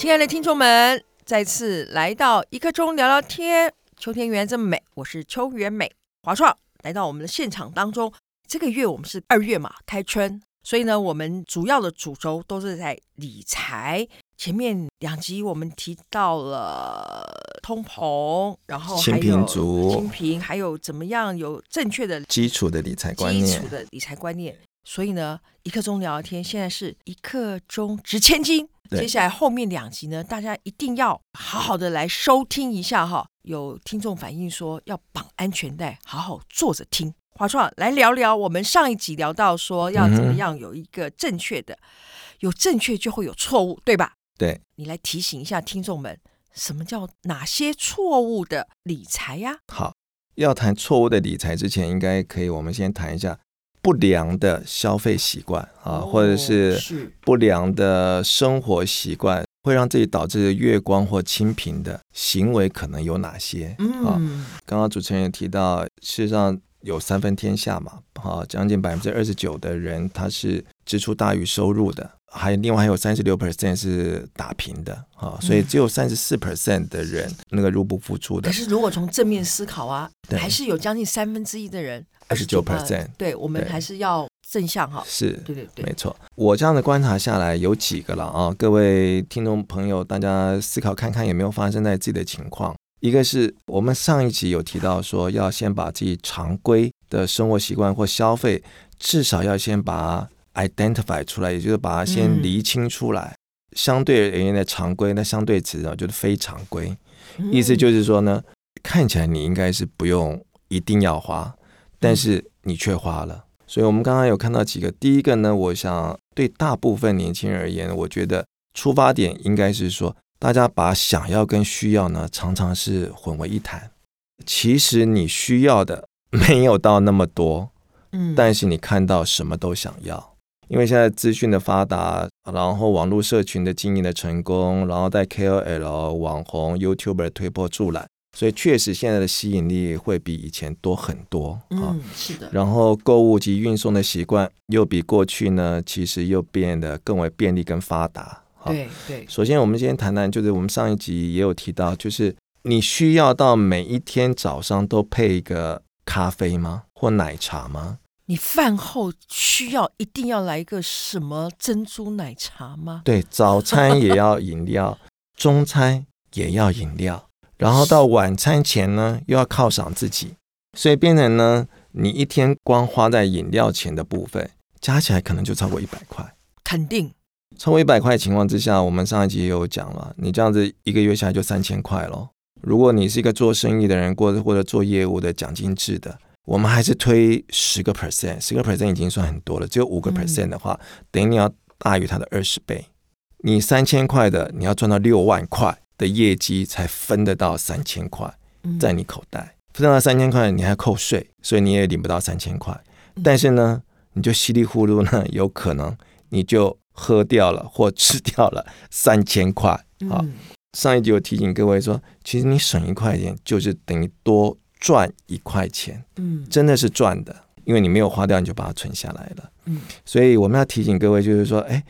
親愛的聽眾們，再次來到一刻鐘聊聊天。秋天原來這麼美，我是秋園美華創，來到我們的現場當中。這個月我們是二月嘛，開春，所以呢，我們主要的主軸都是在理財。前面兩集我們提到了通膨，然後還有貧足，貧還有怎麼樣有正確的基礎的理財觀念，基礎的理財觀念。所以呢，一刻鐘聊聊天，現在是一刻鐘值千金。接下來後面兩集呢，對大家一定要好好的來收聽一下哈、哦。有聽眾反映說要綁安全帶，好好坐着聽。華創來聊聊我們上一集聊到說要怎麼樣有一個正確的，嗯、哼有正確就會有錯誤，對吧？對，你來提醒一下聽眾們，什麼叫哪些錯誤的理財呀？好，要談錯誤的理財之前，應該可以，我們先談一下。不良的消費習慣啊，或者是不良的生活習慣，哦、會讓自己導致月光或清貧的行為，可能有哪些？啊、嗯，剛剛主持人也提到，世上有三分天下嘛，好，將近百分之二十九的人，他是支出大於收入的。還另外還有三十六 percent 是打平的啊、哦，所以只有三十四 percent 的人、嗯、那個入不敷出的。可是如果從正面思考啊，嗯、還是有將近三分之一的人二十九 percent 對我們對對還是要正向哈，對是對對對，沒錯。我這樣的觀察下來有幾個了啊，各位聽眾朋友，大家思考看看有沒有發生在自己的情況。一個是我們上一集有提到說，要先把自己常規的生活習慣或消費，至少要先把。Identify 出來，也就是把它先釐清出來。嗯、相對而言的常規，那相對詞啊，就是非常規。意思就是說呢，嗯、看起來你應該是不用，一定要花，但是你卻花了。嗯、所以我們剛剛有看到幾個，第一個呢，我想對大部分年輕人而言，我覺得出發點應該是說，大家把想要跟需要呢，常常是混為一談。其實你需要的沒有到那麼多，嗯，但是你看到什麼都想要。因為現在資訊的發達，然後網絡社群，的經營的成功，然後在 KOL、網紅、YouTuber 推波助瀾，所以確實現在的吸引力會比以前多很多。嗯，是的。然後購物及運送的習慣又比過去呢，其實又變得更為便利跟發達。對對。對，首先，我們今天談談，就是我們上一集也有提到，就是你需要到每一天早上都配一個咖啡嗎？或奶茶嗎？你飯後需要一定要來一個什麼珍珠奶茶嗎？對，早餐也要飲料， 中餐也要飲料，然後到晚餐前呢，又要犒賞自己，所以變成呢，你一天光花在飲料錢的部分，加起來可能就超過一百塊，肯定超過一百塊的情況之下，我們上一集也有講了，你這樣子一個月下來就三千塊咯。如果你是一個做生意的人，或者或者做業務的獎金制的。我們還是推十個 percent，十個 percent 已經算很多了。只有五個 percent 的話，嗯、等於你要大於它的二十倍。你三千塊的，你要賺到六萬塊的業績才分得到三千塊在你口袋。嗯、分到三千塊，你還扣稅，所以你也領不到三千塊。但是呢，嗯、你就稀里糊塗呢，有可能你就喝掉了或吃掉了三千塊。啊，嗯、上一集我提醒各位說，其實你省一塊錢，就是等於多。賺一塊錢，嗯，真的是賺的，因為你沒有花掉，你就把它存下來了，嗯，所以我們要提醒各位，就是說，哎，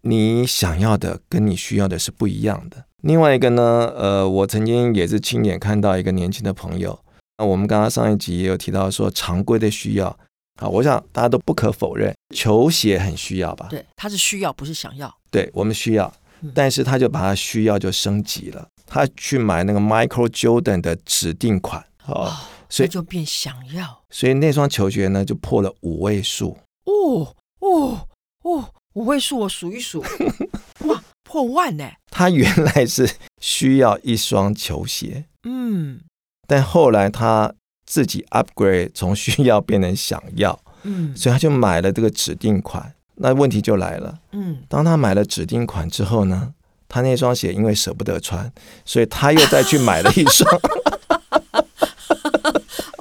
你想要的跟你需要的是不一樣的。另外一個呢，呃，我曾經也是親眼看到一個年輕的朋友，那我們剛剛上一集也有提到說，常規的需要，啊，我想大家都不可否認，球鞋很需要吧？對，他是需要，不是想要。對，我們需要，嗯，但是他就把他需要就升級了，他去買那個 Michael Jordan 的指定款。好哦，所以就變想要，所以那雙球鞋呢，就破了五位數哦哦哦，五位數我數一數， 哇，破萬呢！他原來是需要一雙球鞋，嗯，但後來他自己 upgrade 從需要變成想要，嗯，所以他就買了這個指定款。那問題就來了，嗯，當他買了指定款之後呢，他那雙鞋因為捨不得穿，所以他又再去買了一雙。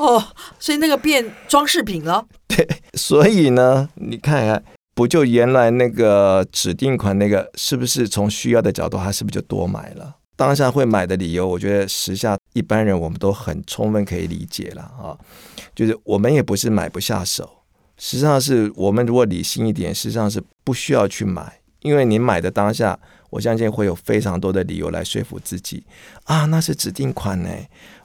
哦，oh, 所以那個變裝飾品了。對，所以呢，你看看，不就原來那個指定款那個，是不是從需要的角度，他是不是就多買了？當下會買的理由，我覺得時下一般人我們都很充分可以理解了啊。就是我們也不是買不下手，實際上是我們如果理性一點，實際上是不需要去買，因為你買的當下，我相信會有非常多的理由來說服自己啊，那是指定款呢，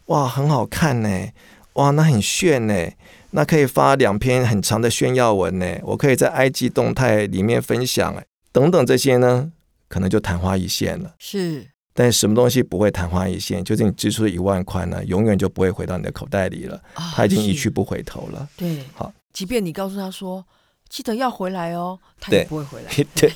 哇，很好看呢。哇，那很炫呢、欸，那可以發兩篇很長的炫耀文呢、欸，我可以在 IG 動態裡面分享、欸，哎，等等這些呢，可能就曇花一現了。是，但是什麼東西不會曇花一現？就是你支出一萬塊呢，永遠就不會回到你的口袋裡了，啊、它已經一去不回頭了。對，好，即便你告訴他說記得要回來哦，他也不會回來。對，對，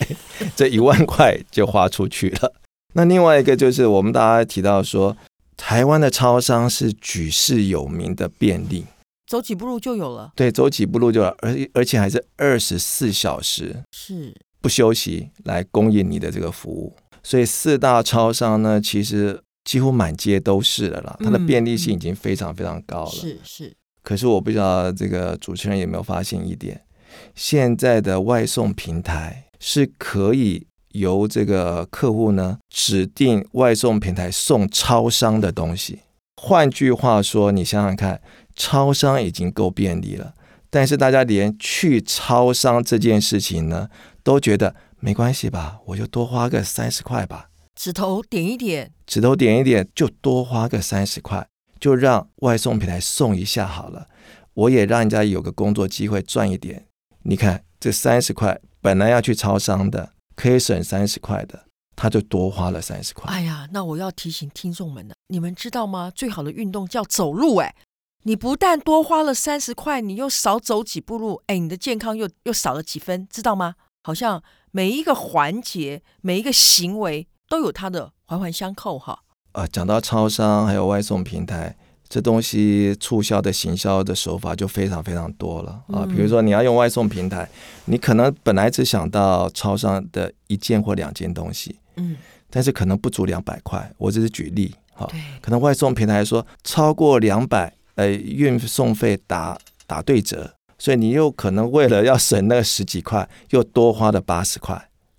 這一萬塊就花出去了。 那另外一個就是我們大家提到說。台灣的超商是舉世有名的便利，走幾步路就有了。對，走幾步路就有了，而，而且還是二十四小時是不休息來供應你的這個服務。所以四大超商呢，其實幾乎滿街都是的了啦，它的便利性已經非常非常高了。是、嗯、是。是。可是我不知道這個主持人有沒有發現一點，現在的外送平台是可以。由這個客戶呢，指定外送平台送超商的東西。換句話說，你想想看，超商已經夠便利了，但是大家連去超商這件事情呢都覺得沒關係吧？我就多花個三十塊吧，指頭點一點，指頭點一點，就多花個三十塊，就讓外送平台送一下好了。我也讓人家有個工作機會賺一點。你看這三十塊本來要去超商的。可以省三十塊的，他就多花了三十塊。哎呀，那我要提醒聽眾們呢、啊，你們知道嗎？最好的運動叫走路。哎，你不但多花了三十塊，你又少走幾步路，哎，你的健康又又少了幾分，知道嗎？好像每一個環節，每一個行為都有它的環環相扣好，哈。啊，講到超商還有外送平台，這東西促銷的行銷的手法就非常非常多了啊，比如說你要用外送平台，你可能本來只想到超商的一件或兩件東西，嗯，但是可能不足兩百塊，我這是舉例哈，啊，可能外送平台說超過兩百，呃，運送費打打對折，所以你又可能為了要省那十幾塊，又多花了八十塊，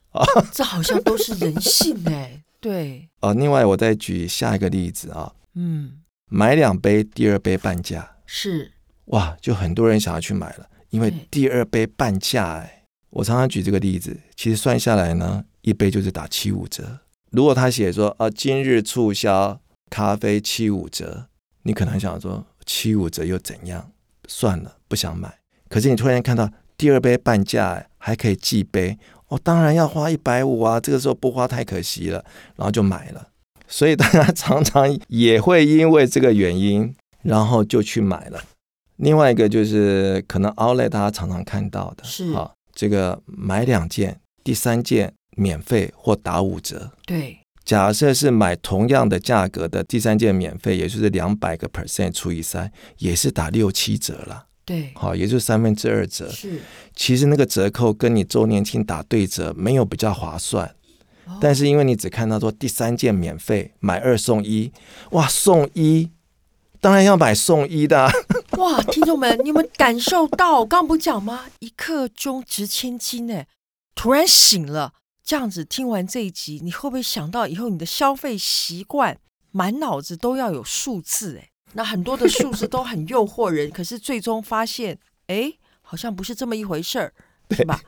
啊，這好像都是人性哎，對，哦，另外我再舉下一個例子啊，嗯。買兩杯，第二杯半價，是。哇，就很多人想要去買了，因為第二杯半價。哎對，我常常舉這個例子，其實算下來呢，一杯就是打七五折。如果他寫說啊，今日促銷咖啡七五折，你可能想說七五折又怎樣？算了，不想買。可是你突然看到第二杯半價，還可以寄杯，哦，當然要花一百五啊。這個時候不花太可惜了，然後就買了。所以大家常常也會因為這個原因，然後就去買了。另外一個就是可能 Outlet 大家常常看到的，啊是、哦，這個買兩件，第三件免費或打五折。對，假設是買同樣的價格的，第三件免費，也就是兩百個 percent 除以三，也是打六七折了。對，好、哦，也就是三分之二折。是，其實那個折扣跟你周年慶打對折沒有比較划算。但是因為你只看到說第三件免費買二送一，哇送一，當然要買送一的啊。哇，聽眾們，你們感受到剛剛不講嗎？一刻鐘值千金哎，突然醒了，這樣子聽完這一集，你會不會想到以後你的消費習慣滿腦子都要有數字哎？那很多的數字都很誘惑人， 可是最終发現哎，好像不是這麼一回事兒，對吧？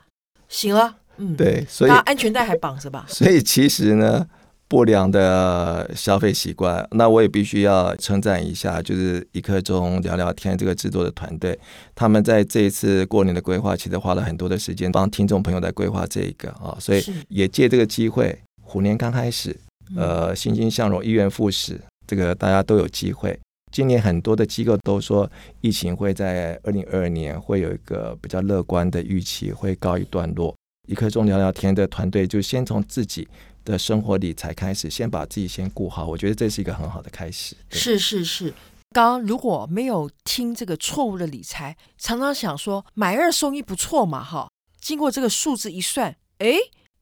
醒了。嗯，對，所以安全帶還綁是吧？所以其實呢，不良的消費習慣，那我也必須要稱讚一下，就是一刻鐘聊聊天這個製作的團隊，他們在這一次過年的規劃，其實花了很多的時間幫聽眾朋友在規劃這個啊，所以也借這個機會，虎年剛開始，呃，欣欣向榮，一元復始，這個大家都有機會。今年很多的機構都說，疫情會在二零二二年會有一個比較樂觀的預期，會告一段落。一刻鐘聊聊天的團隊，就先從自己的生活理財開始，先把自己先顧好。我覺得這是一個很好的開始。是是是，剛剛如果沒有聽這個錯誤的理財，常常想說買二送一不錯嘛，哈。經過這個數字一算，哎，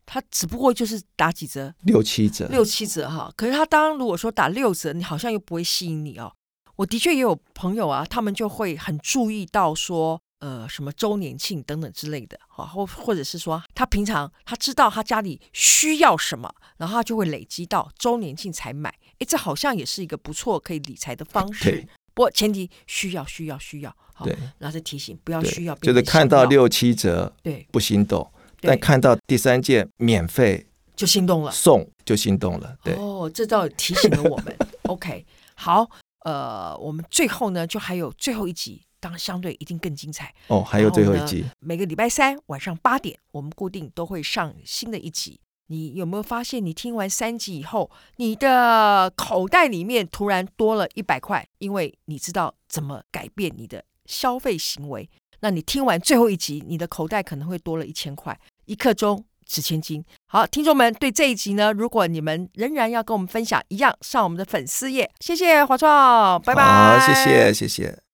他只不過就是打幾折，六七折，六七折哈。可是他當然如果說打六折，你好像又不會吸引你哦。我的確也有朋友啊，他們就會很注意到說。呃，什麼周年慶等等之類的，哈，或或者是說，他平常他知道他家裡需要什麼，然後他就會累積到周年慶才買。哎，這好像也是一個不錯可以理財的方式。對。不過前提需要需要需要。需要需要好對。然後再提醒不要需要。就是看到六七折。對。不心動。但看到第三件免費就心動了。就心動了送就心動了。對。哦，這倒提醒了我們。 OK，好。呃，我們最後呢，就還有最後一集，當相對一定更精彩哦。還有最後一集，每個禮拜三晚上八點，我們固定都會上新的一集。你有沒有發現，你聽完三集以後，你的口袋裡面突然多了一百塊，因為你知道怎麼改變你的消費行為。那你聽完最後一集，你的口袋可能會多了一千塊，一刻鐘。值千金。好，聽眾們，對這一集呢，如果你們仍然要跟我們分享，一樣上我們的粉絲頁。謝謝華創，啊，拜拜。好，謝謝，謝謝。